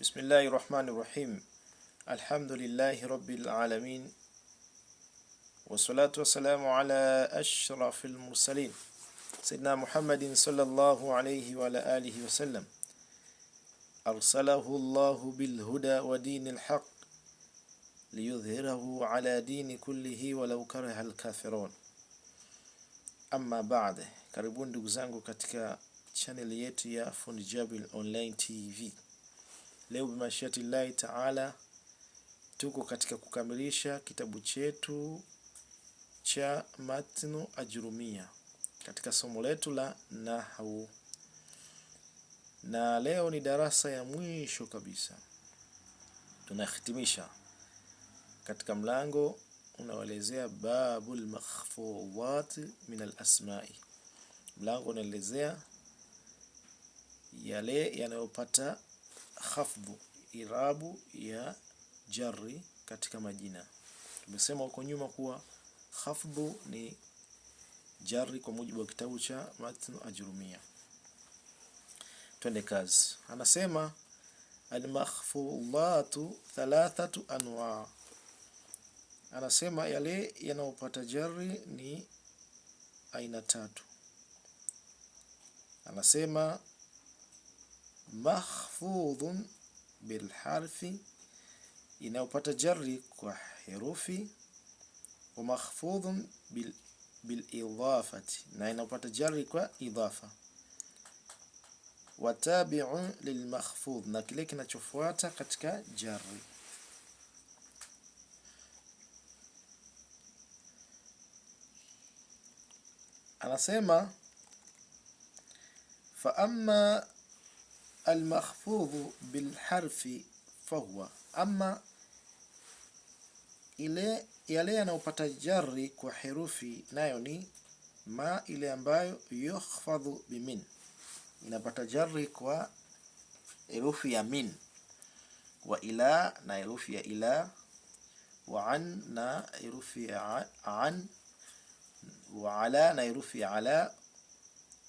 بسم الله الرحمن الرحيم الحمد لله رب العالمين والصلاة والسلام على أشرف المرسلين سيدنا محمد صلى الله عليه وعلى آله وسلم أرسله الله بالهدى ودين الحق ليظهره على دين كله ولو كره الكافرون أما بعد كاربون دوغزانغو zangu شانل chaneli فون جابل أونلاين تي Online TV. Leo bimashiati llahi taala tuko katika kukamilisha kitabu chetu cha matnu ajurumia katika somo letu la nahau, na leo ni darasa ya mwisho kabisa, tunahitimisha katika mlango unaoelezea babul makhfudhat min alasmai. Mlango unaelezea yale yanayopata khafdhu, irabu ya jarri katika majina. Tumesema huko nyuma kuwa khafdhu ni jarri kwa mujibu wa kitabu cha Matn Ajrumia. Twende kazi, anasema almakhfudhatu thalathatu anwa, anasema yale yanayopata jarri ni aina tatu, anasema mahfudhun bilharfi inayopata jarri kwa herufi wa mahfudhun bil bilidhafati na inayopata jarri kwa idhafa watabi'un lilmakhfudh na kile kinachofuata katika jarri anasema fa almahfudhu bilharfi fahuwa, ama ile yale yanayopata jari kwa herufi nayo ni ma, ile ambayo yukhfadhu bimin, inapata jari kwa herufi ya min, wa ila na herufi ya ila, wa an na herufi ya an, wa ala na herufi ya ala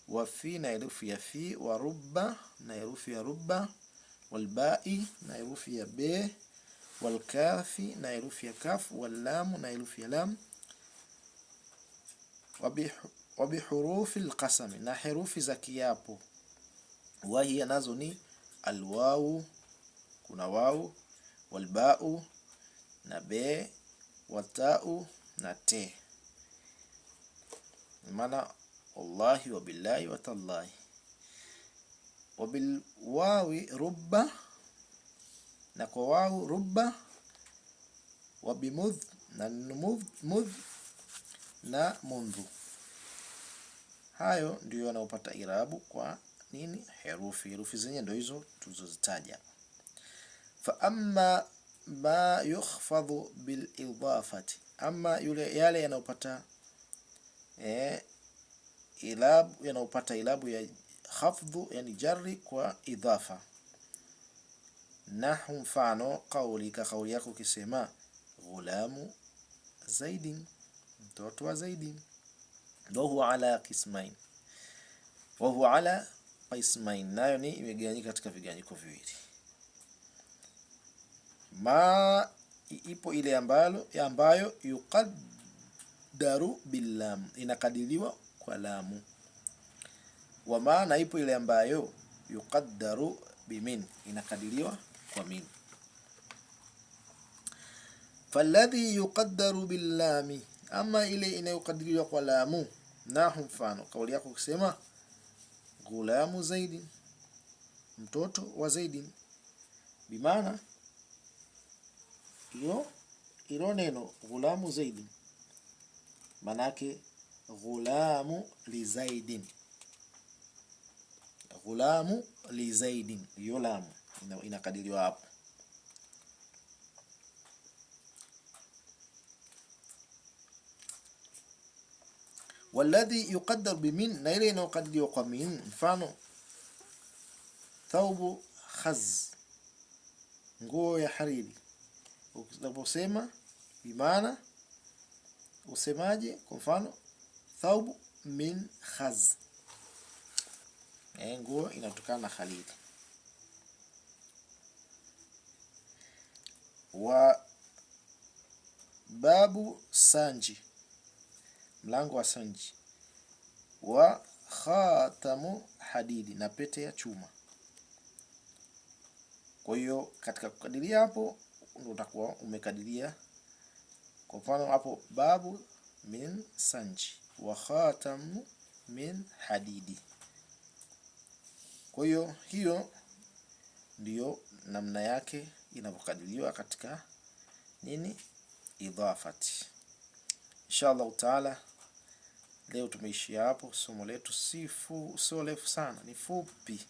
wa fi na herufi ya fi, wa rubba na herufi ya rubba, walbai na herufi ya be, walkafi na herufi ya kaf, wallamu na herufi ya lam, wa bihurufi alqasami, na herufi za kiapo. Wahiya nazo ni alwawu, kuna wawu, walbau na be, watau na te maana wallahi wabillahi watallahi. Wabilwawi rubba, na kwa wawu rubba. Wabimudh na mudh na mundhu. Hayo ndiyo yanayopata irabu kwa nini? Herufi herufi zenye ndio hizo tulizozitaja. Fa amma ma yukhfadhu bilidafati, ama yule yale yanayopata eh ilabu yanayopata ilabu ya hafdhu yani jarri kwa idhafa. Nahu, mfano qaulika, kauli yako ukisema ghulamu zaidin, mtoto wa zaidi. huwa ala qismain, wahuwa ala qismain, nayo ni imegawanyika katika viganyiko viwili. Ma ipo ile ambayo, ambayo yuqaddaru billam, inakadiriwa kwa lamu. Wa maana ipo ile ambayo yuqaddaru bimin, inakadiriwa kwa min. Falladhi yuqaddaru billami, ama ile inayokadiriwa kwa lamu. Nahu, mfano kauli yako kusema gulamu zaidin, mtoto wa zaidin. Bimaana hiyo ilo neno gulamu zaidin maanake ghulamu lizaidin, ghulamu lizaidin, hiyo lamu inakadiriwa hapo. Walladhi yuqaddar bi na ile inayokadiriwa kwa min. Mfano, thaubu khaz, nguo ya hariri. Unaposema bimaana usemaje? Kwa mfano thawb min khaz, eh, nguo inatokana na khalili. Wa babu sanji, mlango wa sanji. Wa khatamu hadidi, na pete ya chuma. Kwa hiyo katika kukadiria hapo ndio utakuwa umekadiria. Kwa mfano hapo babu min sanji wa khatamu min hadidi. Kwa hiyo hiyo ndiyo namna yake inavyokadiriwa katika nini idhafati. Insha allahu taala, leo tumeishia hapo. Somo letu sio refu sana, ni fupi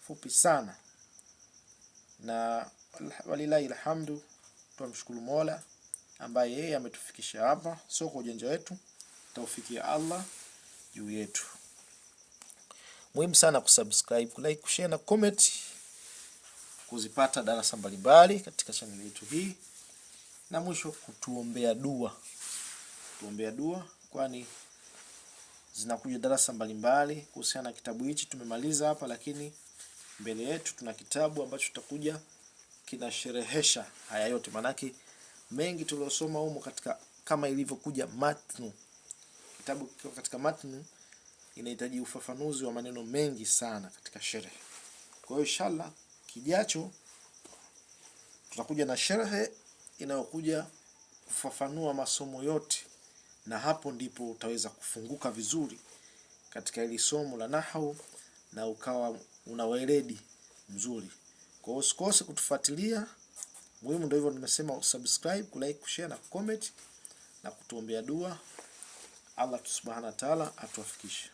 fupi sana, na walilahi alhamdu, tunamshukuru Mola ambaye yeye ametufikisha hapa, sio kwa ujanja wetu taufiki ya Allah juu yetu. Muhimu sana kusubscribe, kulike, kushare na comment kuzipata darasa mbalimbali katika channel yetu hii, na mwisho kutuombea dua, tuombea dua, kwani zinakuja darasa mbalimbali kuhusiana na kitabu hichi. Tumemaliza hapa, lakini mbele yetu tuna kitabu ambacho tutakuja kinasherehesha haya yote, maanake mengi tuliosoma humo katika kama ilivyokuja matnu kitabu kikiwa katika matni inahitaji ufafanuzi wa maneno mengi sana katika sherehe. Kwa hiyo inshallah kijacho tutakuja na sherehe inayokuja kufafanua masomo yote, na hapo ndipo utaweza kufunguka vizuri katika hili somo la nahau na ukawa una weledi mzuri. Kwa hiyo usikose kutufuatilia, muhimu ndio hivyo nimesema, subscribe, kulike, kushare na kucomment na kutuombea dua. Allah subhanahu wa ta'ala atuafikishe.